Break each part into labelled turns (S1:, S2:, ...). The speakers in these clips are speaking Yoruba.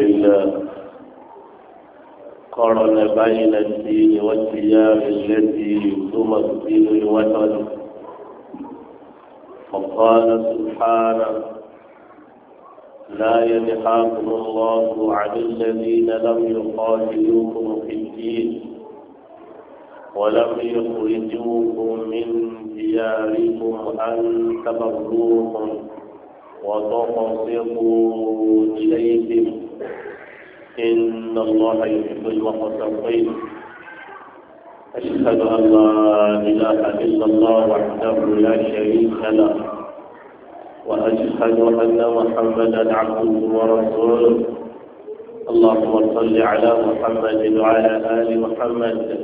S1: لله قارن بين الدين والثياب التي تمثل الوطن فقال سبحانه لا ينهاكم الله عن الذين لم يقاتلوكم في الدين ولم يخرجوكم من دياركم أن تبروهم وتقسطوا إليهم إن الله يحب المقتصين أشهد أن لا إله إلا الله وحده لا شريك له وأشهد أن محمدا عبده ورسوله اللهم صل على محمد وعلى آل محمد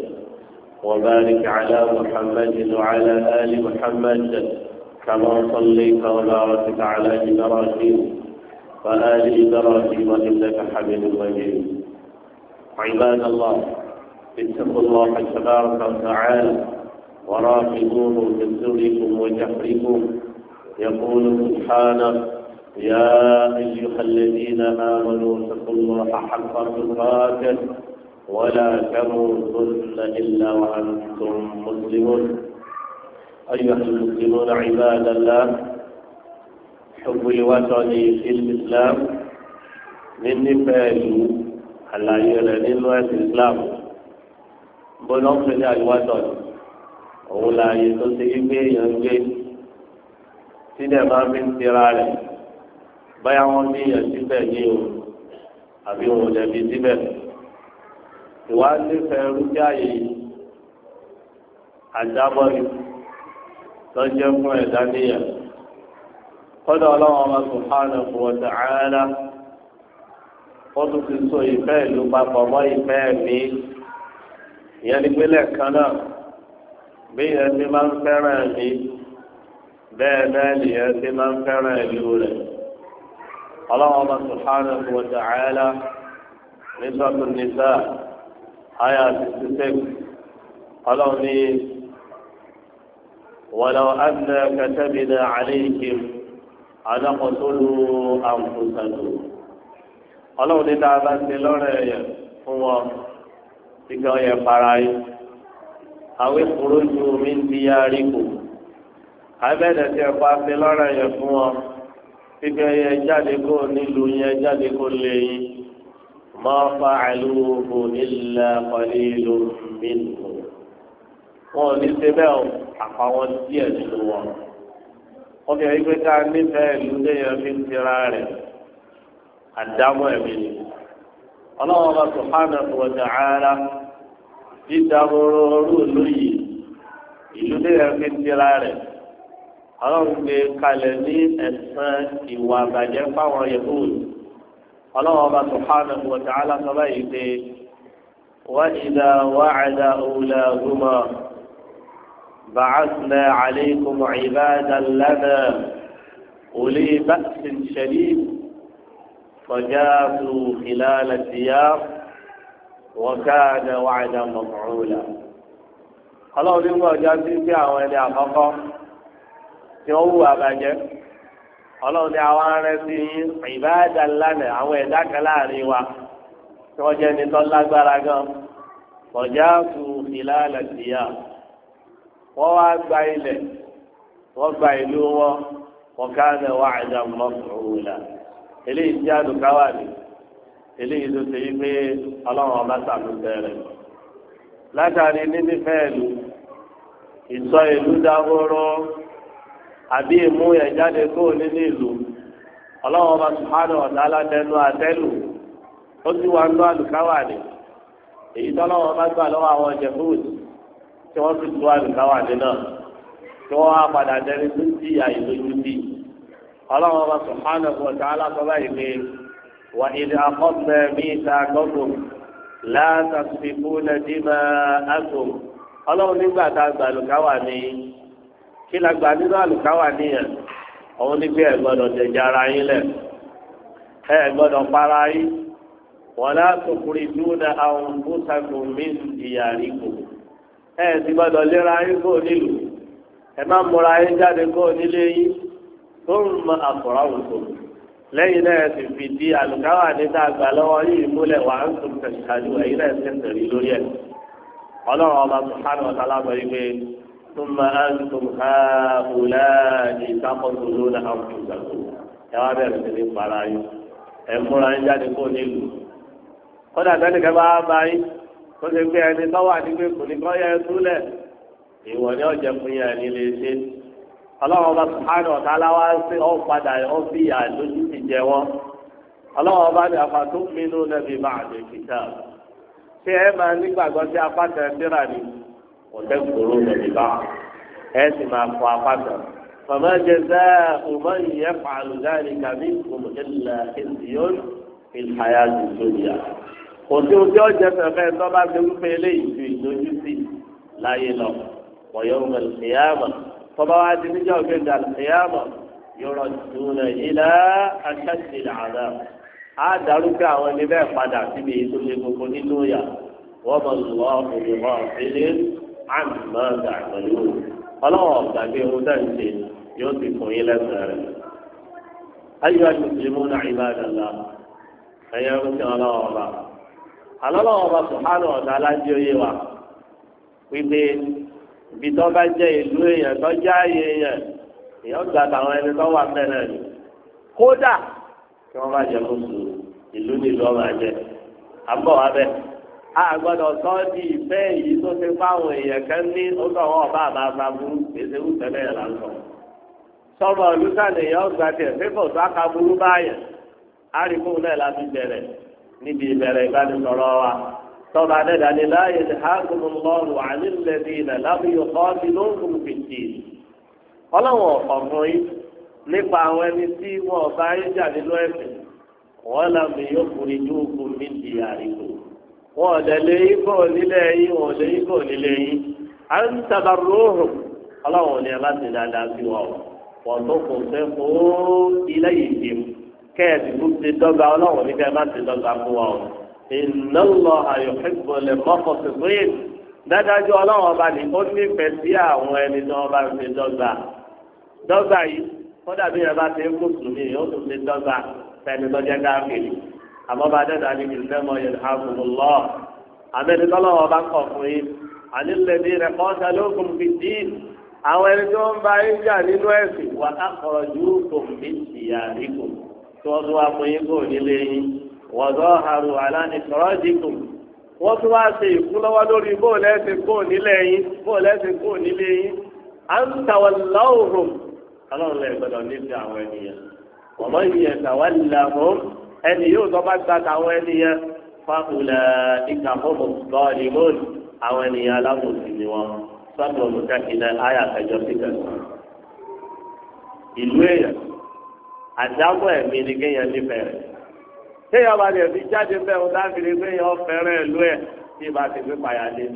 S1: وبارك على محمد وعلى آل محمد كما صليت وباركت على إبراهيم فآل إبراهيم إنك حميد مجيد عباد الله اتقوا الله تبارك وتعالى وراقبوه في سركم وجهركم يقول سبحانه يا أيها الذين آمنوا اتقوا الله حق تقاته ولا تموتن إلا وأنتم مسلمون أيها المسلمون عباد الله حب لوطني في الإسلام من فعل على يرنين الإسلام بنقل الوطن ولا يتصيب ينجي sílẹ̀ máa fi ń tira rẹ̀ báyà wọ́n ní èèyàn síbẹ̀ ní o àbí wọn ò dẹ̀bi síbẹ̀. ìwádìí fẹ́ẹ́ rújà àjábọ̀ yìí lọ́jọ́ fún ẹ̀dá níyà kọ́dọ̀ ọlọ́run ọba subhanahu wa ta'ala wọ́n tún ti so ìfẹ́ ìlú papọ̀ mọ́ ìfẹ́ mi ìyẹn ní pínlẹ̀ kan náà bí ìyẹn ti máa ń fẹ́ràn mi bẹ́ẹ̀ bẹ́ẹ̀ nìyẹn ti máa ń fẹ́ràn ìlú rẹ̀ ọlọ́run ọba subhanahu wa ta'ala ní sọ́tún nìta àyà sixty six ọlọ́run ní wàlọ́ adnà katabina alayhim àdàkọ̀tòlù àǹkóṣàdù ọlọ́run ní dáa bá ṣe lọ́rẹ̀ ẹ̀yẹ fún wọn ìgbà ọ̀yẹ̀ para yìí àwọn ìkúrò ju mi ń di yarí kù àbẹ̀dẹ̀ tí ẹ̀kọ́ afẹ́ lọ́rẹ̀ ẹ̀yẹ fún wọn ìgbà ẹ̀yẹ jáde kó nílùú yẹn jáde kó lè yín mọ́ fa'aluhu illa qalilun minhum wọn ò ní ṣe bẹ́ẹ̀ àpá wọn díẹ̀ nínú wọn obìnrin yìí pé ká nífẹ̀ẹ́ ìlú léèyàn fi ń tira rẹ̀ àdámọ́ ẹ̀mí ni ọlọ́wọ́n bá subhanahu wa ta'ala dídàmúrò orú ìlú yìí ìlú léèyàn fi tira rẹ̀ ọlọ́run gbé kalẹ̀ ní ẹ̀sán ìwà àbàjẹ́ fáwọn yahoo ọlọ́wọ́n bá subhanahu wa ta'ala sọ báyìí pé wọ́n ìdá wàhálà òun بعثنا عليكم عبادا لنا أولي بأس شديد فجاسوا خلال الديار وكان وعدا مفعولا ọlọ́run nígbà ọjọ́ tí ń bí àwọn ẹni àkọ́kọ́ tí ó wù àbàjẹ́ ọlọ́run ní àwọn arẹ sí ìbáàdà lánà àwọn ẹ̀dá kan láàrin wa tí wọ́n jẹ́ ẹni tó lágbára gan ọjà kù ìlànà tìyà wọ́n wá gba ilẹ̀ wọ́n gba ìlú wọn wọ́n ká ní wá àjà mọ́kùnrúnlá eléyìí tí àdùká wà ní eléyìí tó ṣe yí pé ọlọ́run ọba ṣàtúnṣe rẹ̀ látàrí níbi fẹ́ẹ̀lú ìsọ ìlú dahoro àbí ìmú ẹ̀jáde kó nínú ìlú ọlọ́run ọba sùhánù ọ̀dà alátẹnu àtẹ́lù ó sì wá ń lọ àdùká ní èyí tọ́lọ́run ọba gbà lọ́wọ́ àwọn jẹ̀fúùsì tí wọ́n sì tó àlùkáwà dé náà tí wọ́n á padà dẹni tó ti àìlójú bí. ọlọ́run ọba subhanahu wa ta'ala sọ báyìí pé wà ìdí akọ́fẹ́ mi ta gọ́gùn látàkùnfìkú lẹ́dí máa àgùn. ọlọ́run nígbà tá a gba àlùkáwà ní kí la gba nínú àlùkáwà níyẹn òun ní bí ẹ jẹjẹ ara yín lẹ̀ ẹ para yín wọ́n látòkùnrin dúró náà àwọn bùsàkùn mí ìyàrí kò. ẹ ti gbọ́dọ̀ léra yín kó nílùú ẹ má múra yín jáde kó nílé yín tó ń mọ àkùrá òkò lẹ́yìn náà sì fi di àlùkáwà ní tá a lọ́wọ́ yìí múlẹ̀ wà ń tún tẹ̀síkájú náà tẹ̀lé lórí ẹ̀ ọlọ́run ọba sùhánù ọ̀tá lábọ̀ pé tó ń tún ká òlà ní ìgbàgbọ́ ẹ wá bẹ̀rẹ̀ sí ní kó ṣe pé ẹni tó wà nígbè kò ní kọ́ yẹ ẹ túlẹ̀ ìwọ ni ọ̀jẹ̀ fún yẹn ní lè ṣe ọlọ́run ọba sùhánù ọ̀tá aláwa ṣe ọ̀ padà ọ̀ fi yà lójú ti jẹ wọn ọlọ́run ọba ní afa tó mímú nẹ́bí máa lè kíkà ṣé ẹ máa nígbàgbọ́ sí apá kan síra ni ọ̀tẹ́ kúrò nẹ́bí bá ẹ sì máa fọ apá kan fama jẹsẹ ọmọ yìí ẹ fàlùdá kàmí kùmù kò sí ojú ọjọ́ fẹfẹ tó bá ti wípé eléyìí ju ìdójútì láyé lọ wọ̀nyọ́ mẹlẹ́yàmọ̀ tọ́ba wa ti níjọ́ gbẹ̀dẹ̀ àlẹ́yàmọ̀ yọrọ dùnà ìlà aṣáṣe àdá á darúgbó àwọn ẹni bẹ́ẹ̀ padà síbi èyí tó lé gbogbo nínú yà wọ́n mọ̀ lọ́ òyìnbó ìlé àmọ́ àgbẹ̀lú ọlọ́wọ́ gbàgbé ohun tẹ̀ ń ṣe yóò ti fún yín lẹ́sẹ̀ rẹ̀. ayé wa ti fi náà ìbá dàgbà ẹ̀yẹ́ ń ṣe ọlọ́wọ́ bá alọ́lọ́wọ́ bá sùhánù ọ̀dà alájọ yé wa wípé ibi tó bá jẹ́ ìlú èèyàn tó jẹ́ ààyè èèyàn èèyàn gba àtàwọn ẹni tó wà mẹ́rin rẹ̀ kódà kí wọ́n bá jẹ kóso ìlú ní ọba jẹ àbọ̀ wa bẹ́ẹ̀ a gbọ́dọ̀ sọ ọ́ di ìfẹ́ yìí tó ti fáwọn èèyàn kan ní ọgbà wọn ọba àbá aburú èsè wùsẹ̀ bẹ́ẹ̀ là ń sọ sọ́mọ olùsàlẹ̀ yẹn níbi ìbẹ̀rẹ̀ ìbánisọ̀rọ̀ wa tọ́ba adẹ́dàdé láàyè ti ha gbogbo lọ́rùn ànílẹ̀dì ilẹ̀ lábíyọ̀ kọ́ọ̀tì ló ń gùn fìtì. ọlọ́wọ̀n ọ̀fọ̀fún yìí nípa àwọn ẹni tí wọ́n bá ń jà nínú ẹ̀sìn wọ́n yóò ní ogun mi di wọ́n lé ikọ̀ nílé yín wọ́n ikọ̀ nílé yín. à ń ọlọ́wọ̀n ni dáadáa wọ́n tó kò fẹ́ fún ilé kẹ́ẹ̀sì tó ti dọ́gba ọlọ́run ní kẹ́ẹ̀ má ti dọ́gba fún wa o. ìnáwó àyọ̀kẹ́gbọ̀n lè mọ́kọ̀ sí fúyìn dájájú ọlọ́run ọba ní ó nífẹ̀ẹ́ sí àwọn ẹni tí wọ́n ti dọ́gba. dọ́gba yìí kódà bí ẹ bá ti ń mùsùlùmí ó tún ti dọ́gba fẹ́ni lọ́jẹ́ káfíìn. àmọ́ bá dẹ́ta ní kìlúmọ́ yẹn àbùmùlọ́. àmẹ́ni tọ́lọ́run ọba kọ̀ fún yín. ànílẹ̀dí rẹ̀ kọ́ńtà lókun fi dín àwọn ẹni tí wọ́n bá ń jà nínú ẹ̀sìn wà kọ̀ọ̀jú kò fi ṣìyà rí kò tí wọ́n tún wá fún yín kò nílé yín wọ́dọ̀ haru aláni sọ̀rọ̀ dìkù wọ́n tún wá ṣe ìkúlọ́wọ́ lórí bó lẹ́sìn kò nílé yín bó lẹ́sìn kò nílé yín à ń tàwọ̀ lọ́wọ́ ọlọ́run lè gbọ́dọ̀ níbi àwọn ènìyàn ọmọ ìyẹn tàwọ̀ làwọn ẹni yóò tọ́ bá gba tàwọn ènìyàn fáfúlẹ̀ ìkàfọ́mù bọ́ọ̀lì àwọn ènìyàn alábòsí ni wọn sọ́dọ̀ olùkẹ́kìlẹ̀ ayàtẹ̀jọ́ sí ìlú èèyàn àdámọ̀ ẹ̀mí ni kéèyàn nífẹ̀ẹ́ rẹ̀ kéèyàn bá lè fi jáde bẹ́ẹ̀ ń dábìrì kéèyàn fẹ́rẹ̀ lú ẹ̀ tí ìbá ti fi payà lé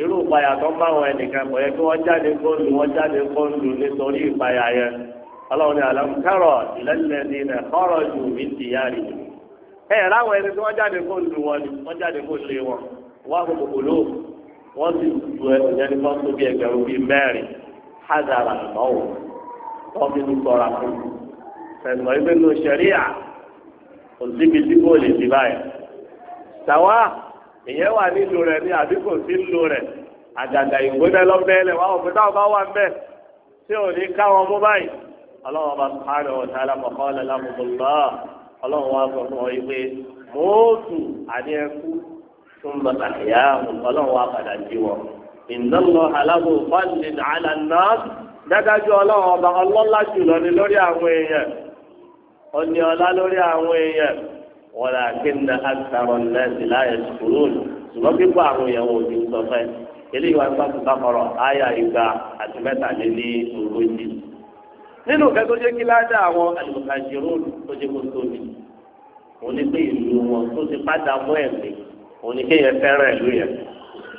S1: irú ìpayà tó ń bá wọn ẹnìkan kò yẹ kí wọ́n jáde kóńdù wọ́n jáde kóńdù nítorí ìpayà yẹn ọlọ́run ní àlọ́kárọ̀ ìlẹ́lẹ́dì rẹ̀ kọ́rọ̀ ju mi ti yá rí ẹ̀ láwọn ẹni tí wọ́n jáde kóńdù wọn ni wọ́n jáde kóńdù wọn wọ́n kò kò ló wọ́n sì ju ẹni kan tó ẹgbẹ̀rún bíi mẹ́rin házàrà lọ́wọ́ wọ́n fi ń sọ̀rọ̀ àkókò ẹ̀mọ́ ẹgbẹ́ nù sẹ̀ríà kò síbi tí kò lè ti báyìí. Tàwa ìyẹn wà nílò rẹ̀ ní àbí kò sí nílò rẹ̀ àgàgà ìgbóná lọ́bẹ̀ẹ́lẹ̀ wà òfin táwọn bá wà ń tí ò ní káwọn mú báyìí. Ọlọ́run bá sáré ọ̀tá alámọ̀kọ́ lẹ́lámọ̀tòlá ọlọ́run wá sọ fún ọ yìí pé mọ́ọ̀tù àní ẹkú tún bàtà ìyá ọlọ́run wá padà jí wọ ọ̀nì ọ̀la lórí àwọn èèyàn wọn là kí n náà sàrọ̀ nẹ́ẹ̀sì láyé sùkúrú ṣùgbọ́n pípọ̀ àwọn èèyàn wọn ò ní sọ fẹ́ eléyìí wọn sábà bá kọ̀rọ̀ àyà ìgbà àti mẹ́ta lé ní ogójì. nínú kẹ́tọ́ jẹ́ kí ládàá àwọn àlùkàjìrò tó jẹ́ kó tóbi òun ni pé ìlú wọn tó ti padà mọ́ ẹ̀mí òun ni kéèyàn fẹ́ràn ìlú yẹn.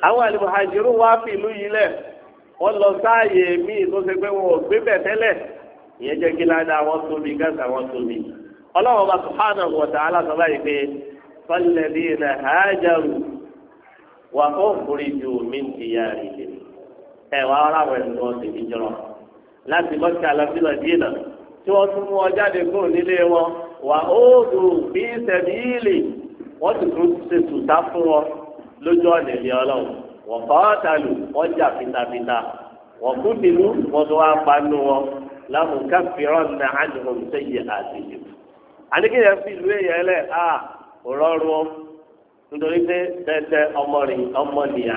S1: àwọn àlùkàjìrò wá fi ìlú yìí lẹ̀ wọ́n lọ sáàyè míì tó ṣe pé wọn ò gbé bẹ̀ tẹ́lẹ̀ ìyẹn jẹ́ kí ládàá wọ́n tóbi gẹ́sà wọ́n tóbi ọlọ́wọ́ bá subhanahu wa ta'ala sọ báyìí pé falladhina hajaru wa ukhriju min diyarihim ẹ̀ wá ọ̀rọ̀ àwọn ẹ̀sìn wọn sì fi jọrọ láti mọ́kà lọ́sílọ̀ dínà tí wọ́n tún mú ọ jáde kúrò nílé wọn wà ó dùn bí sẹ́bíìlì wọ́n ti tún ṣe tùtà fún wọn lójú ọ̀nà ìlẹ̀ ọlọ́run wọ́n kọ́ ọ́ wọ́n jà fitafita wọ́n kú lamu kafiran na anhum sayyi atihim ani ke fi lu ye le a ororo nítorí pé tẹtẹ ọmọ rẹ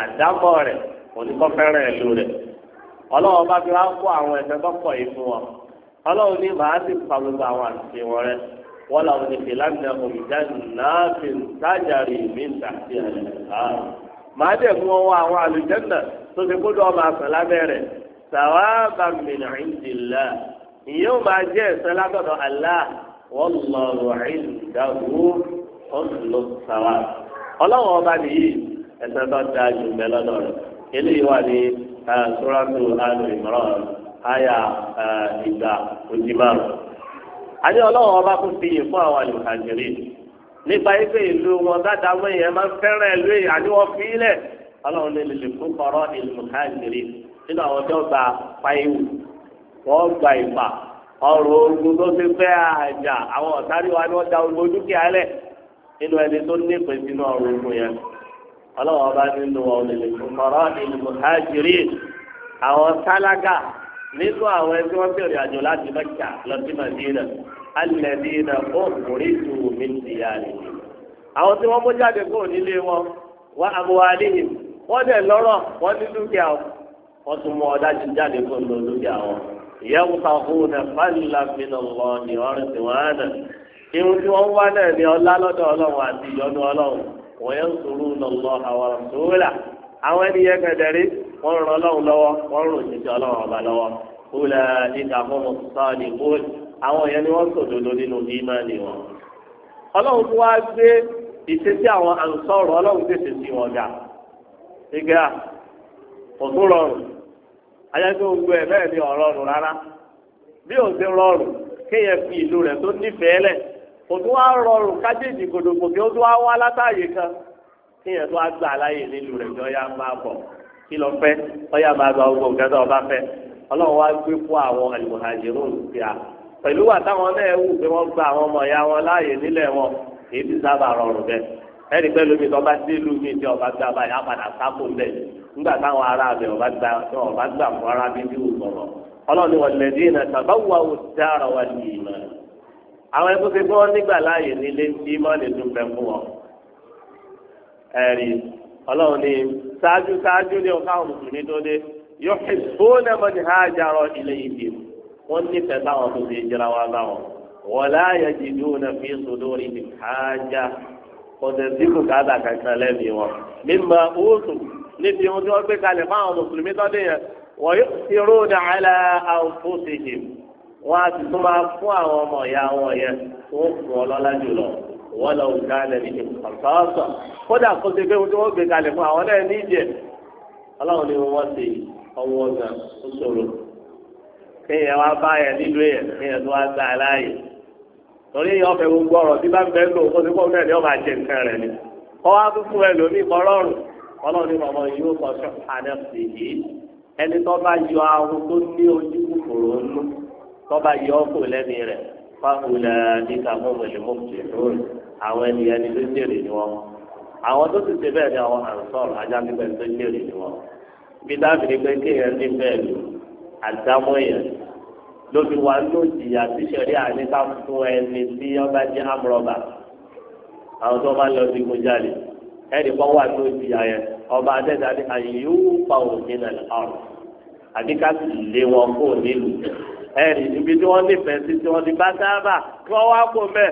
S1: àdámọ rẹ oníkọfẹrẹ rẹ bá fi wá kó àwọn ẹsẹ kọkọ yìí fún ní màá pa gbogbo àwọn wọn rẹ wọn làwọn ní fìlànà òmìnira fi mí ń tàbí ẹ màá sàwábà min indillah ìyẹn ò máa jẹ́ ẹ̀sán látọ̀dọ̀ Allah wallahu indahu ọ̀nà sàwá ọlọ́wọ́n ọba nìyí ẹ̀sán tó da jù mẹ́ lọ́dọ̀ rẹ̀ eléyìí wà ní suratu Al-Imran àyà ìgbà òjì márùn. àní ọlọ́wọ́n ọba kò fi yìí fún àwọn àlùkàjìrì nípa ife ìlú wọn dáadáa wọ́n yẹn máa ń fẹ́ràn ìlú yìí àní wọ́n fi ilẹ̀ ọlọ́run lè lè fún kọ́rọ́ ìlú kàjìrì nínú àwọn tó gba gba ìgbà ogun tó ti fẹ́ àjà àwọn ọ̀tárí wa ni wọ́n da ogun dúkìá lẹ̀ nínú ẹni tó ní ìpè ogun yẹn ọlọ́wọ́ bá nínú ọ̀nìlẹ̀ ìmọ̀ràn ìlú hajiri àwọn tálákà nínú àwọn ẹni tí wọ́n àjò láti mẹ́kà lọ sí alẹ́dínà ó kórè àwọn tí wọ́n mú jáde kúrò nílé wọn wọ́n tún mú ọdá ti jáde fún lọ lórí àwọn ìyẹ́wò kàkúnà fàlìlà mìíràn lọ ní ọ̀rẹ́ tí wọ́n á nà irun tí wọ́n wá náà ní ọlá lọ́dọ̀ ọlọ́run àti ìyọ́nú ọlọ́run wọ́n yẹn ń sòrò lọ́lọ́ àwọn sòwòlà àwọn ènìyàn kẹtẹrí wọ́n ràn ọlọ́run lọ́wọ́ wọ́n ràn òṣìṣẹ́ ọlọ́run ọba lọ́wọ́ kúlẹ̀ níta fún mọ̀sáàlì bóòlù àwọn èèyàn ni wọ́n sòdodo nínú ìmánì wọn. ọlọ́run tó wá gbé ìṣesí àwọn àǹsọ̀rọ̀ ọlọ́run tètè sí wọn ga. ìgbà kò rọrùn ayẹyẹ gbogbo ẹ bẹ́ẹ̀ ni ọrọrùn rárá bí o ti rọrùn kéèyàn fi ìlú rẹ tó nífẹ̀ẹ́ lẹ kò tó wá rọrùn kájèjì gòdògbò kí ó tó wá wá látàyè kan kéèyàn tó wá gbà láàyè nílùú rẹ jọ ya máa bọ kí lọ fẹ́ ọyà máa gba ogun nǹkan tó ọba fẹ́ Ọlọ́run wá gbé fún àwọn almuhajirun ti à wà táwọn náà wù pé wọn gba àwọn ọmọ ìyá wọn láàyè nílẹ̀ wọn èyí ti sábà rọrùn bẹ́ẹ̀ ẹnì pẹ̀lú mi tó bá dé ìlú mi tí ọba gbé abáyá padà sáfò bẹ́ẹ̀ nígbà táwọn ará abẹ ọba gbà ọba gbà fún ara bí bí wò sọ̀rọ̀ ọlọ́ọ̀ni wọn lẹ́dí iná tàbá wà ó dára wà ní ìmọ̀ àwọn ẹgbẹ́ pé wọ́n nígbà láàyè nílé tí mọ́ni tún bẹ fún wọn. ẹ̀rí ọlọ́ọ̀ni ṣáájú ṣáájú ní ọ̀ká òmùsùnmí tó dé yóò fi bóńdà mọ́ni há jarọ ilé ìdè wọ́n nífẹ̀ẹ́ táwọn tó ti jẹra wá báwọn wọ́n láàyè jìdú náà fi níbi ohun tí wọ́n gbé kalẹ̀ fún àwọn mùsùlùmí tọ́dé yẹn wọ́n yóò ti róòdà àlà àwòfóṣèjì wọ́n á ti tún máa fún àwọn ọmọ ìyá wọn yẹn tó ń fún ọ lọ́lá jùlọ wọ́n lọ òkè alẹ́ ní ìfọ̀sọ́sọ̀ kódà kó ṣe pé ohun tí wọ́n gbé kalẹ̀ fún àwọn náà níjẹ̀ ọlọ́run ni wọ́n ti ọwọ́ gan ó ṣòro kéèyàn wá bá yẹn nílùú yẹn kéèyàn tó wá gbà láàyè torí ọ̀fẹ́ gbogbo ọ̀rọ̀ tí bá ń bẹ́ẹ̀ lò ó ti kọ́ fún ẹ lómi kọ́ ọlọ́run ní ọmọ yóò kọ́ ṣọ́kànlẹ̀ sí i ẹni tó bá yọ ahun tó ní ojú kòkòrò nù tó bá yọ ọkọ lẹ́nu rẹ̀ fáwọlẹ̀ nígbà mọ́mọ́lẹ̀ mọ́mọ́lẹ̀ lórí àwọn ènìyàn ni ló jèrè ni wọn àwọn tó ti ṣe bẹ́ẹ̀ ni àwọn àǹsọ̀rọ̀ ajá nígbà tó jèrè ni wọn bí dábìrì pé kéèyàn ní bẹ́ẹ̀ lò àdámọ́ yẹn ló fi wà lójì àti sẹ̀rí àníkà fún ẹni tí ọba jẹ́ àmúrọ̀bà àwọn tó bá lọ sí kó jáde ẹni kọ́ wà tó di ayẹ ọba adẹ́dá ni àyíwò pa òní nà ọ̀rọ̀ àbí ká sì lé wọn kó nílùú ẹni ibi tí wọ́n nífẹ̀ẹ́ sí tí wọ́n ti bá sábà kí wọ́n wá kó mẹ́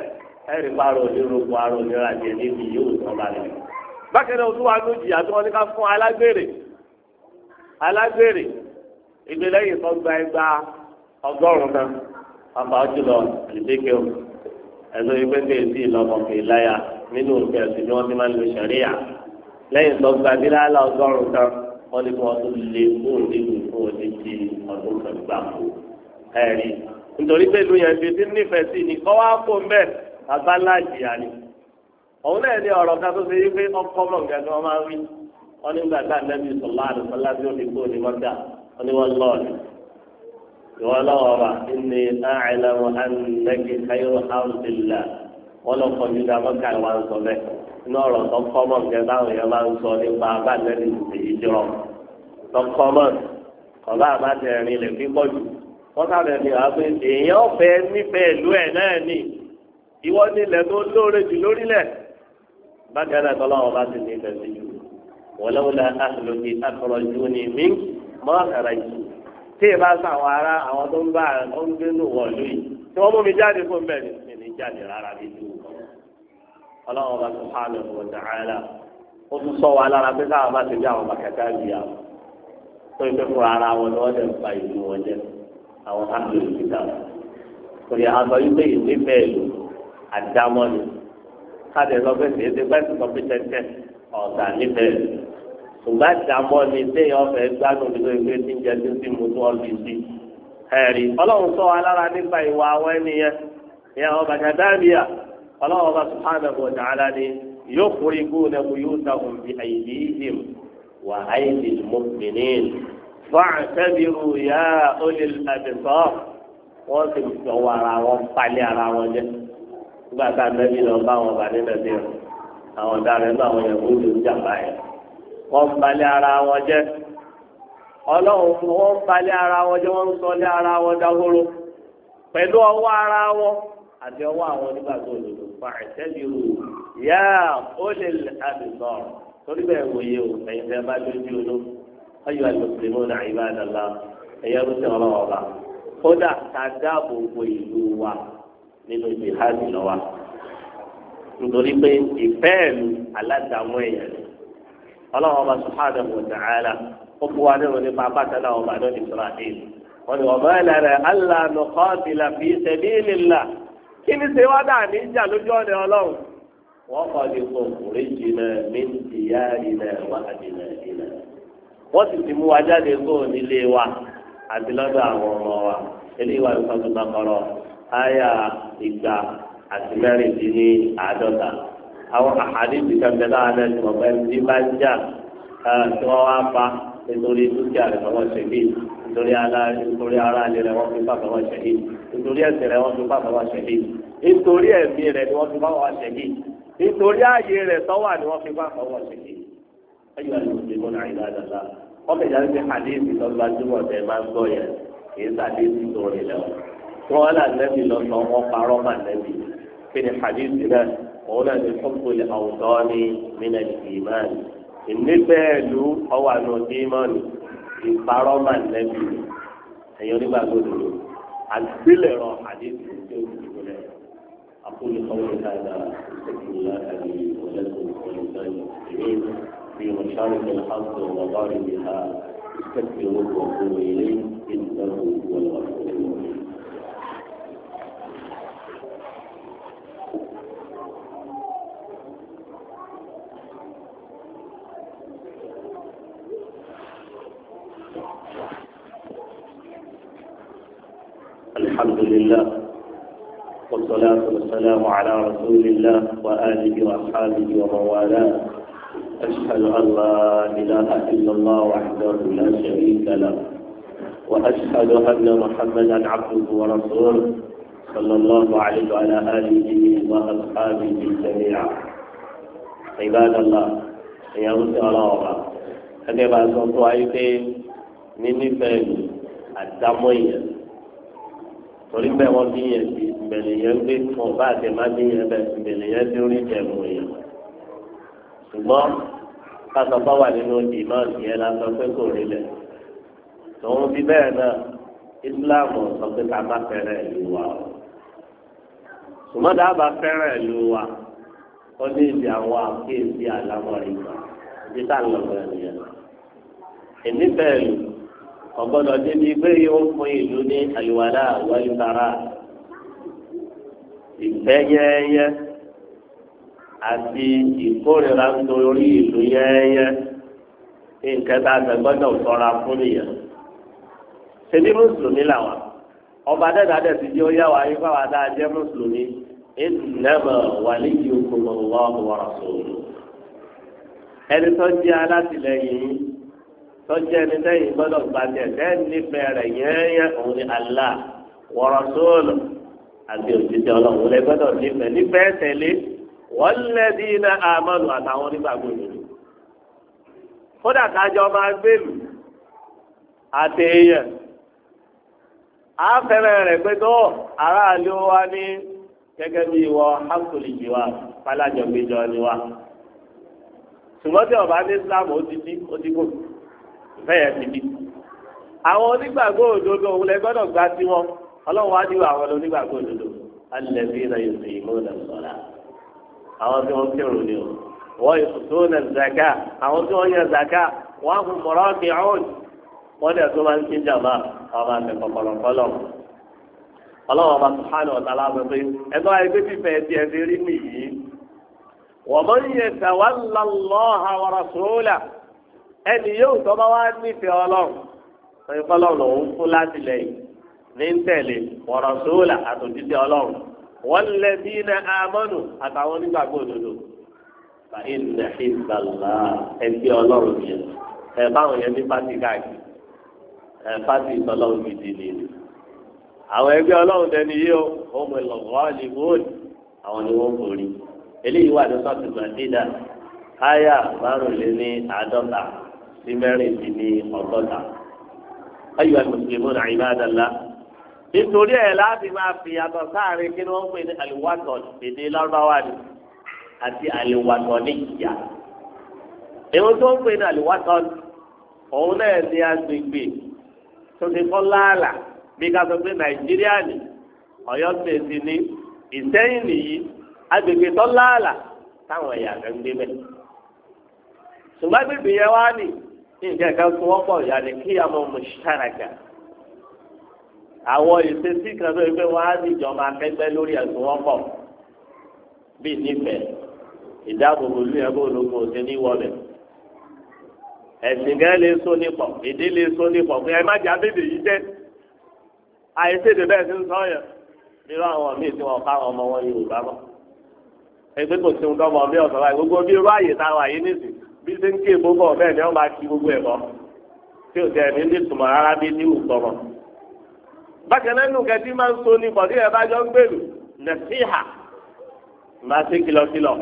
S1: ẹni parọ́ onírúkọ arọ́ onírà jẹ níbi yóò sọ́ba rẹ̀. bákan náà olúwa ló jìyà tí wọ́n ní ká fún alágbèrè alágbèrè ìgbélẹ́yìn tó ẹgbàá ọgọ́rùn-ún kan ọba ọjọ́ lọ ẹ̀sọ́ yìí pé kéè sí ìlọ́mọkè láyà nínú òfin ẹ̀sìn ni wọ́n ti máa ń lo sẹ̀ríyà lẹ́yìn tó gba bíláàlà ọgọ́rùn-ún kan wọ́n ní kí wọ́n tún lè fóun nínú fóun ní ti ọdún kan gbà kú ẹ̀rí nítorí pé yẹn fi ti nífẹ̀ẹ́ sí ni kọ́ wá kó mbẹ́ bàbá láàjì àní òun náà ní ọ̀rọ̀ kan tó ṣe yí pé ọkọ mọ̀ nǹkan tí wọ́n máa ń rí ìwọlọ́wọ́ba ní àìlẹ́wò ànẹ́kì káyọ̀ àǹtìlá wọn lọ kọ́ ju dáa mọ́kà ìwà ń sọ bẹ́ẹ̀ inú ọ̀rọ̀ tó kọ́ mọ̀ nǹkan táwọn èèyàn máa ń sọ nípa abáàlẹ́lì èyí jọ tó kọ́ àbátẹ̀rin lè fi pọ̀ jù wọ́n sábẹ̀ fi hàn pé èèyàn fẹ́ nífẹ̀ẹ́ ìlú ẹ̀ náà ni ìwọ nílẹ̀ tó lóore jù lórílẹ̀ bákan tí ì bá sàn àwọn ará àwọn tó ń bá ọ ń gbé lòwọ̀ tí wọ́n mú mi jáde fún bẹ́ẹ̀ ni mi ní jáde rárá bí ju ọlọ́run bá tún hàn mí wọ́n dà ó tún sọ wa lára pé káwọn bá ti bí àwọn bàkàtà bí i àwọn tó ń pẹ́ fún ara wọn ni wọ́n dẹ̀ ń ìlú wọn jẹ àwọn hàmì ìgbà kò yẹ àgbà yìí pé ìlú ìfẹ́ ìlú àdámọ́ káàdì ẹ̀ lọ́gbẹ́sì sí kọ́mpútẹ́ńtẹ́ ṣùgbọ́n àjàmọ́ ni téèyàn fẹ́ gbádùn nínú ìwé tí ń jẹ tí ó sì mú tó ọ̀gbìn sí. ẹ̀rí ọlọ́run sọ alára nípa ìwà àwọn ènìyàn ìyá ọba jàdáàbíà ọlọ́run ọba subhanahu wa ta'ala ni yóò forí kú nẹ́kú yóò ta òun bí àyèdè ìdìm wà àyèdè mọ́mìnín. fàṣẹ́bìrù yá olè àbẹ̀sọ́ wọ́n ti sọ̀wọ́ ara wọn palẹ̀ ara wọn jẹ́ nígbà tá a mẹ́bí lọ bá wọn bá nínú ẹ̀dẹ́ àwọn ọ̀daràn náà wọn yẹ kó lè ń jàmbá yẹn. wọ́n ń balẹ̀ ara wọn jẹ́ ọlọ́run fún wọn ń balẹ̀ ara wọn jẹ́ wọ́n ń sọlé ara wọn dáhóró pẹ̀lú ọwọ́ ara wọn àti ọwọ́ àwọn onígbàgbọ́ òdòdó pàṣẹ bí o yá ó lè torí bẹ́ẹ̀ o ẹ̀yin fẹ́ bá olú ayọ̀ àlùfẹ́ ẹ̀yẹ́ ọlọ́wọ́ bá kódà dáàbò bo ìlú wa nínú nítorí pé ìfẹ́ ìlú èèyàn ọlọ́run ọba sùhánà wò dàcàlà ó fún wa nínú nípa abátẹ́lá ọba náà ní israel wọn ni ọba ẹlẹrẹ alànà kọ́ọ̀tìlà fi ṣẹ̀bí ìlìlà kí ni ṣe wá dáa ní ìjà lójú ọ̀nà ọlọ́run wọ́n kọ́ ni kò kúrè jìnnà mí ń tìyà ìlẹ̀ wà àdìlẹ̀ ìlẹ̀ wọ́n sì ti mú wa jáde kó nílé wa àti lọ́dọ̀ àwọn ọmọ wa eléyìí wà lóko tó bá kọ́rọ̀ áyà ìgbà àti mẹ́rìndínláàádọ́ta àwọn àhàdìsì kẹfẹ́ láàrin ẹni ọ̀gbẹ́ ní bá jà tí wọ́n wá pa nítorí dúkìá rẹ̀ lọ́wọ́ ṣẹ̀lí nítorí ara ilé rẹ̀ wọ́n fi pàpà wọ́n ṣẹ̀lí nítorí ẹ̀sìn rẹ̀ wọ́n fi pàpà wọ́n ṣẹ̀lí nítorí ẹ̀mí rẹ̀ ni wọ́n fi pàpà wọ́n ṣẹ̀lí nítorí ààyè rẹ̀ sọ́wà ni wọ́n fi pàpà wọ́n ṣẹ̀lí. ayọ̀ àti òṣèlú náà ìlà àdàlà wọ́n fẹ̀ yára sí àdéhùn lọ́gbàdúrà tẹ̀ máa ń gbọ́ yẹn kì í sàdéhùn tó rìn lẹ́wọ̀n. wọ́n làǹdẹ́bì lọ́sọ̀ọ́ wọ́n parọ́ màǹdẹ́bì kí ni àdéhùn náà òun náà ní kọ́kọ́lì àwùjọ ní mínà ìmáàlì ìnígbẹ́ẹ̀lú ọwọ́ àná ìmáàlì ìparọ́ máa nẹ́bí ẹ̀yọ́ nígbà gbọdọ̀ àgbélẹ̀rọ àdéhùn tó ń dìbò lẹ̀ àkóyè ọwọ́ ìtajà ìṣèkìlá àti ìwọlẹ́kùn ìṣèkìlá ìṣèkìlá في مشارق الحظ ومغاربها استكبروه وقولوا إليه إنه هو الغفور الرحيم الله والصلاة والسلام على رسول الله وآله وأصحابه وموالاه أشهد أن لا إله إلا الله وحده لا شريك له وأشهد أن محمدا عبده ورسوله صلى الله عليه وعلى آله وأصحابه جميعا عباد الله يا رسول الله أنا بأسفل وعيتي من نفسي الدمويه torí bẹ́ẹ̀ wọ́n bí yẹn ti ìbẹ̀lẹ̀ yẹn gbé fún ọba àti ẹ̀ma bí yẹn bẹ́ẹ̀ ìbẹ̀lẹ̀ yẹn ti rí jẹ̀mú yẹn. ṣùgbọ́n pásọ̀ bá wà nínú ìmáàlì yẹn la pé kò rí lẹ̀. tòun bí bẹ́ẹ̀ náà Islam sọ pé ká má fẹ́rẹ̀ ìlú wa. ṣùgbọ́n dáàbà fẹ́rẹ̀ ìlú wa ó ní ibi àwọn àkéèsí àlámọ̀rí kan ibi tá à ń lọ bẹ̀rẹ̀ yẹn. ìnífẹ̀ẹ́ ọgbọ́dọ̀ débi pé yóò fún ìlú ní àyùwádà wáyúbára ìfẹ́ yẹyẹ àti ìkórìíra nítorí ìlú yẹyẹ ní nǹkan tá a fẹ́ gbọ́dọ̀ ṣọ́ra fún nìyẹn ṣebí mùsùlùmí làwọn ọba dẹ́dàdẹ́ ti di ó yá wa yípa wa dáa jẹ́ mùsùlùmí ìnàmọ̀ wàlíyìí okòwò wà wọ́n sọ̀rọ̀ ẹni tó jẹ́ alátìlẹyìn yìí tọ́jú ẹni lẹ́yìn gbọ́dọ̀ gbàdé lẹ́ni bẹ̀rẹ̀ yẹ́nyẹ́ òun ni Allah wa rasuluhu àti òjijì ọlọ́run lẹ́ gbọ́dọ̀ nífẹ̀ẹ́ nífẹ̀ẹ́ tẹ̀lé wọ́n lẹ́dí iná àmọ́nù àtàwọn onígbàgbọ́ òdodo. kódà kájọ máa gbèlú àti èèyàn á fẹ́rẹ̀ rẹ̀ pé tó aráàlú wa ní gẹ́gẹ́ bí ìwọ hákùlì yìí pálájọ gbéjọ ni wa. ṣùgbọ́n tí ọba ní Islam ó ti dín ó ti gbòòrò. bẹ́ẹ̀ ti bí. àwọn onígbàgbọ́ òdodo òun lẹ gbọ́dọ̀ gba sí wọn ọlọ́run wá níwọ̀ àwọn onígbàgbọ́ òdodo alẹ́bí náà yóò fi ìmọ̀ náà sọ̀rọ̀ àwọn tí wọ́n kírun ni o wọ́n zaka àwọn tí wọ́n yàn zaka wọ́n á fún mọ̀rọ́ kí ọ̀hún wọ́n dẹ̀ tó máa ń kíjà máa ọmọ àti kọ̀kọ̀lọ̀kọ̀lọ̀ ọlọ́run ẹni yóò tọ́ bá wá nífẹ̀ẹ́ ọlọ́run ọ̀yìn fọlọ́run òun fún láti lẹ́yìn ní tẹ̀lé ọ̀rọ̀ sóòlà àtòjíṣẹ́ ọlọ́run wọ́n lẹ bí iná amọ́nù àtàwọn onígbàgbọ́ òdodo. na nà ìgbàlá ẹgbẹ́ ọlọ́run yẹn ẹ báwọn yẹn ní pátì káàkiri ẹ pátì ìtọ́lọ́run gidi àwọn ẹgbẹ́ ọlọ́run yìí ó àwọn ni wọ́n kò rí eléyìí wà ní sọ́ọ̀tì káyà márùnléní àádọ́ta sí mẹ́rin sí ní ọgọ́ta. ayọ̀ àmùsùlùmí náà ìbádàlá. nítorí ẹ̀ láti máa fi yàtọ̀ sáàrin kí ni wọ́n pè ní àlùwàtọ̀ èdè lárúbáwá ni àti àlùwàtọ̀ ní ìyá. èèwọ̀n tó ń pè ní àlùwàtọ̀ òun náà ní agbègbè tó ti kọ́ láàlà bí ká sọ pé nàìjíríà ni ọ̀yọ́ tètè ní ìsẹ́yìn nìyí agbègbè tó láàlà táwọn ẹ̀yà kan gbé bẹ́ẹ̀. ṣùgbọ́n agbègbè yẹn wá nìyí nǹkan kan tó wọ́pọ̀ yàrá kí àwọn mùsàràkà àwọn ìṣesí kan tó yẹ pé wọ́n á ní ìjọba akẹgbẹ́ lórí ẹ̀sùn wọ́pọ̀ bíi nífẹ̀ẹ́ ìdáàbòbò ìlú ẹgbẹ́ ológun òsè ní wọlé ẹ̀sìn gẹ́gẹ́ lè so nípọ̀ èdè lè so nípọ̀ pé ẹ má jà bèbè yìí jẹ́ àìsèdè bẹ́ẹ̀ ti ń sọ yẹn nínú àwọn míì tí wọ́n káwọn ọmọ wọn Yorùbá mọ́ ẹgbẹ́ kò sí nǹkan ọmọ mi ọ̀sán bí ṣe ń ké ìbò bọ̀ bẹ́ẹ̀ ni wọ́n máa kí gbogbo ẹ̀ bọ́ tí ò tẹ̀ ní ní tùmọ̀ rárá bí ní ìsọ̀rọ̀. bákan náà nù kẹtí máa ń so ní bọ̀dí ẹ̀ bá jọ ń gbèrú nàṣíhà máa ṣe kìlọ̀kìlọ̀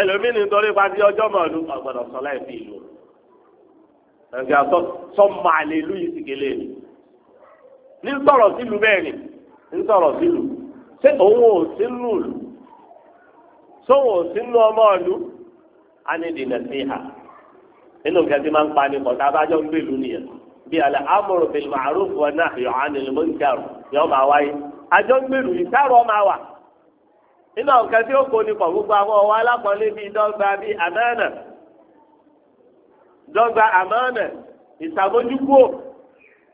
S1: ẹlòmíì nítorí pàṣẹ ọjọ́ mọ̀ ọdún ọ̀gbọ̀dọ̀ sọ láì ìlú ẹ̀gbẹ́ àtọ́ sọ́mọ àlè ìlú yìí sì ni ní sọ̀rọ̀ sílùú bẹ́ẹ̀ ni ní sọ̀rọ̀ sílùú ṣé òun ò sínú ìlú sóun ò sínú ọmọ ìlú ánìdì nàṣíhà nínú nǹkan tí máa ń pani pọ̀ tá a bá jọ ń gbèlú nìyẹn bí alẹ́ amúrò bìlì màrúf wọn náà yọ ánìlì mọ́ nìkàrù yọ máa wáyé àjọ ń gbèlú ìtàrọ̀ máa wà nínú nǹkan tí ó koni pọ̀ gbogbo àwọn ọwọ́ alápọ̀nlé bíi dọ́gba bíi àmánà dọ́gba àmánà ìsàmójúkúò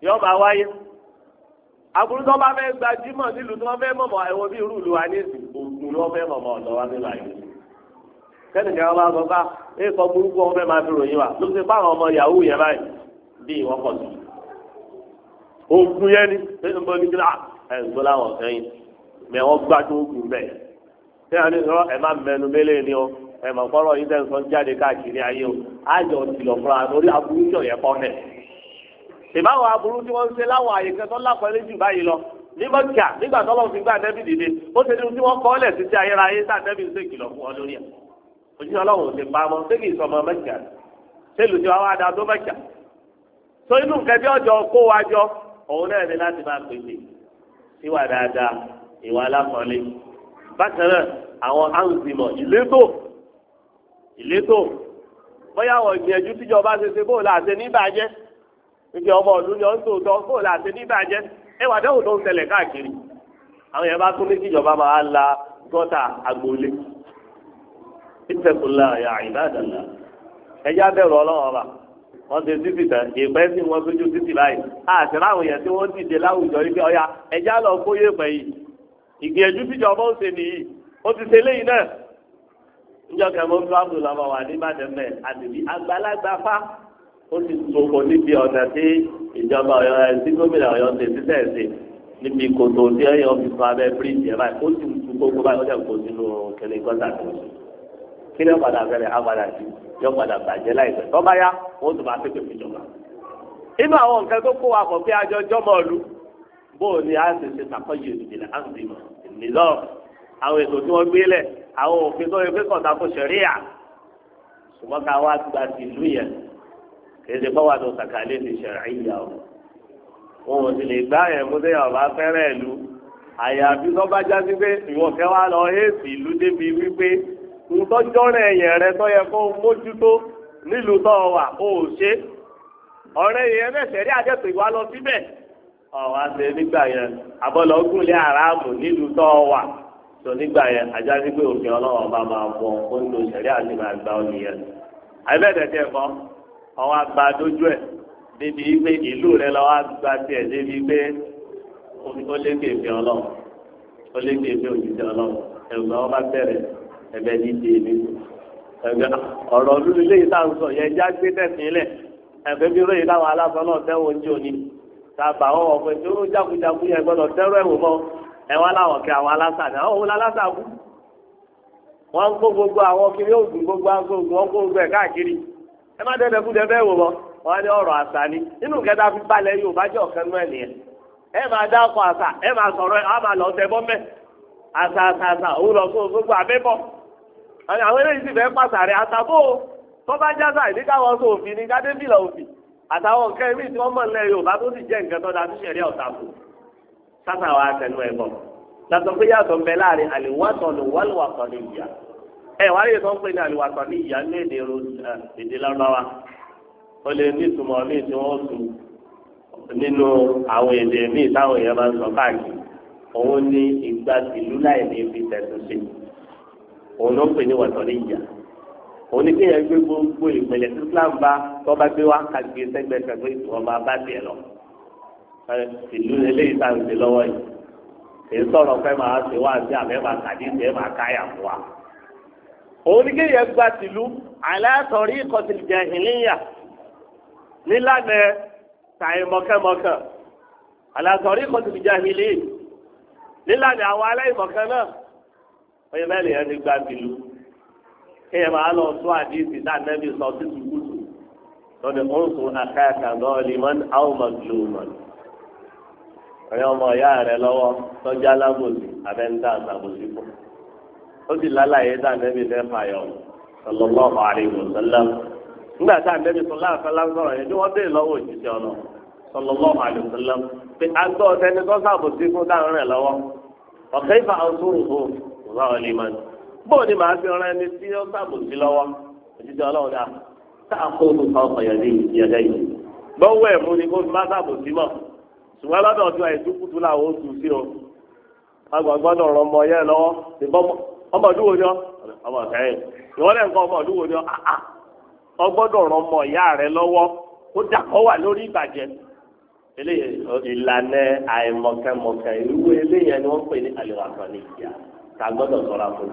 S1: yọ máa wáyé aburú tó bá fẹ́ gbajúmọ̀ nílùú tó fẹ́ mọ̀mọ́ ẹ̀wọ̀n bí irú ìlú wa ní ìsìn ògùn ló fẹ́ mọ̀mọ́ ọ̀dọ́ wa nílùú àyè kẹ́ni kẹ́ni ọba sọ ah, ẹ̀kọ́ burúkú ọmọ fẹ́ máa fi ròyìn wa ló ti fáwọn ọmọ yahoo yẹn báyìí bí ìwọ́n pọ̀ sí. ogun yẹn ni ẹni bọ́ ní kí ah, ẹ ń gbọ́ láwọn sẹ́yìn mẹ wọ́n gbájú ogun bẹ́ẹ̀. ṣé àní sọ ẹ má mẹnu mélé ni o ẹ mọ̀ kọ́rọ̀ yìí tẹ̀sán jáde káàkiri ayé o àjọ tìlọ̀ fúnra lórí aburú tí ọ̀yẹ́ kọ́ nẹ̀. ìbáwọ̀ aburú tí wọ́n fi gbà nẹ́bì dìde ó ṣe ní ohun tí wọ́n kọ́ ọ́ sí ayérayé tá nẹ́bì ń ṣèkìlọ̀ fún ọ lórí ẹ̀ òṣìṣẹ́ ọlọ́run ò sì pa mọ́ sébì ìsọmọ mẹ́kà sélùjọ àwọn adá tó mẹ́kà tó inú nǹkan ọjọ́ kó wa jọ òun náà ní láti máa pèsè ìwà dáadáa ìwà alákọ̀ọ́lé bákan náà àwọn áǹzìmọ̀ ìlétò ìlétò bóyá àwọn ìgbìyànjú tíjọba ṣe ṣe bóòlù àṣẹ níbàjẹ́ ìgbìyànjú ọmọ ọdún yọ ń tòótọ́ bóòlù àṣẹ níbàjẹ́ ẹwà dáhùn tó ń ṣẹlẹ̀ káàkiri àwọn yẹn bá tún ní kíjọba máa la gọ́tà agboolé ìtẹ̀kùnlá àyà ìbádàlá ẹjá bẹ̀rù ọlọ́run ọba wọ́n ṣe títì tẹ̀ ìpẹ́ sí wọn sójú títì báyìí àti ráwọn èèyàn tí wọ́n dìde láwùjọ wípé ọya ẹjá lọ kóyè pẹ̀ yìí ìgbìyànjú tíjọ ọmọ ń ṣe nìyí ó ti ṣe léyìí náà níjọ kẹmọ fún abdullah ọmọ wà ní bàdẹ́mẹ̀ àdìbí àgbàlagbà fá ó ti sòkò níbi ọ̀nà tí ìjọba ọ̀yọ́ ẹ̀ sí gómìnà ọ̀yọ́ ṣe títẹ̀ ṣe níbi kòtò tí ẹ̀yọ́ fi fún abẹ́ bíríìjì ẹ̀ báyìí ó ti sùn báyìí ó kí ló padà bẹ̀rẹ̀ agbada sí yóò padà bàjẹ́ láìpẹ́ tó bá yá wọ́n tún bá pépè fi jọba. inú àwọn nǹkan tó kó wa kọ̀ pé àjọ jọmọ lu bóò ni a ṣe ṣe sàkọ́yè ìdílé àǹdí nìlọ àwọn ètò tí wọ́n gbé lẹ̀ àwọn òfin tó yẹ pé kọ̀ọ̀tà kò ṣẹ̀ríyà ṣùgbọ́n ká wá gba ti ìlú yẹn kì í ṣe pọ́ wà tó sàkàlẹ́ ti ṣẹ̀ríyà o wọn ò sì lè gbá yẹn mú sí ọ̀bá fẹ́rẹ̀ ìlú àyàfi tó bá já sí pé ìwọ̀n kẹ́ lọ éèsì ìlú débi wípé ntọ́jọ́rẹ̀ ẹ̀yẹ̀ rẹ tó yẹ kó mójútó nílùú tó wà ó ṣe ọ̀rẹ́ yẹn mẹ́sẹ̀ rí àjẹpẹ̀ wá lọ síbẹ̀ ọ̀wá ṣe nígbà yẹn abọ́lọ́gùnlé àràmù nílùú tó wà tó nígbà yẹn ajá sí pé òfin ọlọ́wọ́ bá máa bọ̀ ó ń lo ìṣẹ̀rí àti máa gba ọ nìyẹn àbẹ̀dẹ̀dẹ̀ kọ́ ọwọ́ àgbà dójú ẹ̀ débi pé ìlú rẹ lọ́wọ́ àgbà tiẹ̀ débi pé ó lé kéèké ọlọ́wọ́ ó lé kéèké òjijì ọlọ́wọ́ ẹ̀rù ẹ̀bẹ̀ ní dị èmi ẹ̀bẹ̀ ọ̀rọ̀ lórí lè tá à ń sọ yẹn já gbé tẹ̀sí lẹ̀ ẹ̀bẹ̀ bí ròyìn láwọn aláṣọ náà tẹ́wọ̀n ní tàbà wọn ọ̀pẹ tó jákujáku yẹn gbọ́dọ̀ mọ́ àwọn aláṣà àwọn òun aláṣà kú wọn ń kó gbogbo àwọn kiri gbogbo agbóògùn wọn kó káàkiri ẹ má kú mọ́ wọn ọ̀rọ̀ àṣà ni nínú kẹta fi balẹ̀ yóò bá jẹ́ ọ̀kẹ́ nú ẹ máa dá ọkọ̀ àṣà ẹ máa sọ̀rọ̀ máa àwọn eléyìí sì fẹ́ pàṣàrẹ àtàbò tó bá jáza ìdí káwọn sọ òfin ní gádébìlà òfin àtàwọn nǹkan ẹ̀mí tí wọ́n mọ̀ nílẹ̀ Yorùbá tó sì jẹ́ nǹkan tó da tó ṣẹ̀rí ọ̀tà kù sásà wa tẹnu ẹ̀ bọ̀ lọ́sọ̀ pé yàtọ̀ ń bẹ láàrin àlèwàtọ̀nù wàlúwàtọ̀ ní ìyá ẹ wá lè sọ pé ní àlèwàtọ̀ ní ìyá ní èdè èdè lọ́lọ́wà ó lè ní òun ló ń pè ní wàtọ́lé ìyá òun ní kéèyàn gbé gbogbo ìpìlẹ̀ tí Islam bá tó bá gbé wá kàgbé sẹ́gbẹ̀sẹ̀gbẹ̀ ìtùwọ́ba bá tiẹ̀ lọ. ìlú eléyìí tá à ń ṣe lọ́wọ́ yìí èyí sọ̀rọ̀ fẹ́ máa ṣe wá sí àmẹ́fà tàbí ṣe é máa káyà fún wa. òun ní kéèyàn gba tìlú aláàtọ̀rí ìkọsílẹ̀ ìlíyà nílànà tàyè mọ̀kẹ́mọ̀kẹ́ aláàtọ̀rí ìkọsílẹ̀ ìlíyà nílànà àwọn aláìmọ̀kẹ́ náà oye bẹ́ẹ̀ lè yẹn ti gba bìlú kéèyàn máa lọ sún àdìsí dáadẹ́bí sọ títí kùtù lọ́dẹ̀ kó ń sun àkáàkà náà lèmọ́n àwòmọ̀lùmọ̀ ọ̀yọ́ ọmọ ìyá rẹ lọ́wọ́ tọ́jà lábòsí abẹ́ńdà àtàbòsí fún ó sì lálàyé dáadẹ́bí lẹ́fà yọ sallallahu alaihi wasallam nígbà tá àdẹ́bí sọ láàfẹ́lá sọ̀rọ̀ yẹn tí wọ́n bèèrè lọ́wọ́ òjíṣẹ́ ọ̀nà sallallahu alaihi wasallam pé agbọ́ ọ̀tẹ́ni tó sàbòsí fún dáhùn rẹ̀ lọ́wọ́ ọ̀kẹ́ ìfà ọ̀tún òhùn ọlọ́run lè máa ní. bóò ni màá fi ran ẹni tí ó sàbòsí lọ́wọ́ òjijì ọlọ́run dà káàkó olùkọ ọkọ̀ yẹn ní ìyẹn lẹ́yìn. gbọ́wọ́ ẹ̀ mú ni kó fi má sàbòsí mọ̀ ṣùgbọ́n lọ́dọ̀ tí wàá ìdúkùtù làwọn ó tù sí o. agbọ̀ngbọ́dọ̀ rọ ọmọ yẹn lọ́wọ́ ọmọ ìdúwò ni ọ ọmọ ìfẹ́yìn ìwọ́lẹ̀ nǹkan ọmọ ìdúwò ni ọ àà ọgbọ́dọ̀ rọ ọmọ ìyá rẹ lọ́wọ́ ó dàkọ́ wà lórí ìbàjẹ́ eléyìí ìlànà àìmọ̀kẹ́mọ̀kẹ́ irú eléyìí ni wọ́n pè ní àlèwàkọ́ ní ìyá tá a gbọ́dọ̀ ṣọ́ra fún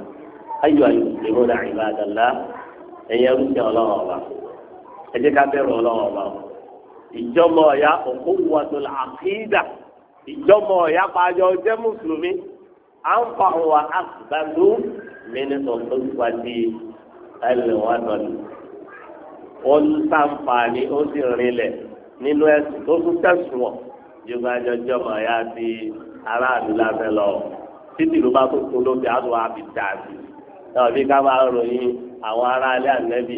S1: ayò ayò ìlú náà ìlú àdàlá ẹ̀yẹ rúṣẹ́ ọlọ́wọ́ ọba ẹ jẹ́ ká bẹ̀rù ọlọ́wọ́ ọba ìjọmọ ọ̀yá òkú wọ̀tò àkídà ìjọmọ ọ̀yá pàjọ jẹ́ mùsùlùmí à ń fa òwà àgbàdo mínísọ̀ tó wájú ẹlẹ́wàdàn ó sì rinlẹ̀ nínú ẹ̀sùn tó tún tẹ̀sùn wọ̀ yorùbá jọjọ́ mọ̀ ya ti aráàlú lábẹ́ lọ títí ló bá tó kó ló fi àtò àbí dàbí náà bí ká máa ròyìn àwọn ará ilé ànẹ́bí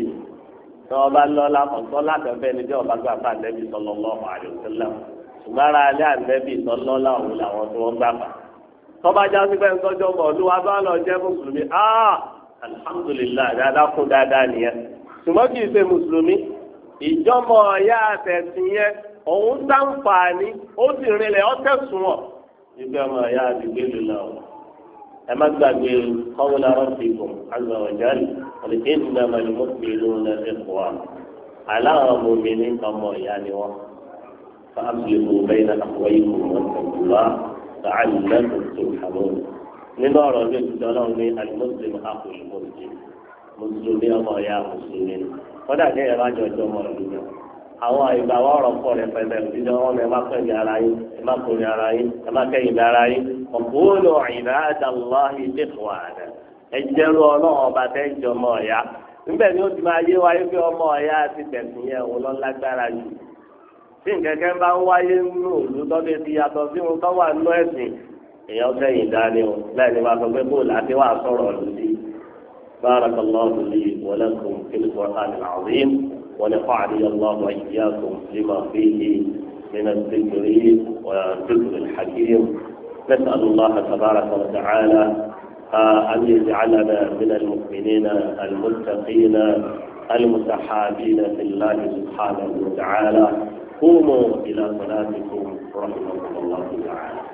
S1: tí wọ́n bá lọ lákọ̀tọ́ látẹ̀fẹ́ ọba gbà fún ànẹ́bí sọlọ lọ́wọ́ àdìsílẹ̀ ṣùgbọ́n ará ilé ànẹ́bí sọlọ láwọn làwọn tí wọ́n gbà fà. tọ́ba já sí pé ńsọ́jọ́ bọ̀ olúwa bá lọ jẹ́ mùsùlùmí áà ah, alihamudulilayi dáadáa kún dáadáa nìyẹn ṣùgbọ́n kì í ṣe mùsùlùmí ìjọ́mọ̀ ọ̀yá àtẹ̀sìn yẹn òun sáǹfààní ó sì rinlẹ̀ ọ́ tẹ̀sùn wọn ibi ọmọ ya àdìgbé lula o ẹ má gbàgbé kọ́wọ́lá rọ́ọ̀tìbù azza wa jalla ọ̀lẹ́kẹ́ ìdùnnà màlúmọ́ fi lóun náà fi kọ́ wa aláwọ̀ mọ̀mí ní ọmọ ìyá ni wọ́n fa abúlé bẹ́ẹ̀ náà àkọ́wé yìí kò wọ́n tẹ̀kù fa àlùmọ́ tó hàmọ́ nínú ọ̀rọ̀ bí ojú dọ́là ní alimọ́sílẹ̀mù akọ̀lẹ̀ mọ́sílẹ̀mù mùsùlùmí ọmọ ìyá mùsùlùmí kọ́dà ní ẹ̀rọ àjọjọ́ ọmọ ìlú náà. àwọn àyùbá wa ọ̀rọ̀ pọ̀ rẹ̀ pẹ̀lẹ́ ìjọ wọn ẹ má kẹ́yìn ara yín ẹ má kọrin ara yín ẹ má kẹ́yìn ara yín ọ̀pọ̀lọ̀ ìlà àdàlọ́hì lẹ́kọ̀ọ́ ọmọ ọ̀yá ni ó ti máa yé wáyé ọmọ ti yẹn lọ lágbára tí bá ń wáyé nínú tọ́bi ti yàtọ̀ sí ẹ̀sìn èèyàn dání o láì ní wàá sọ pé bóòlù àti wàá sọ̀rọ̀ ونفعني الله وإياكم لما فيه من الذكر والذكر الحكيم نسأل الله تبارك وتعالى آه، أن يجعلنا من المؤمنين المتقين المتحابين في الله سبحانه وتعالى قوموا إلى صلاتكم رحمكم الله تعالى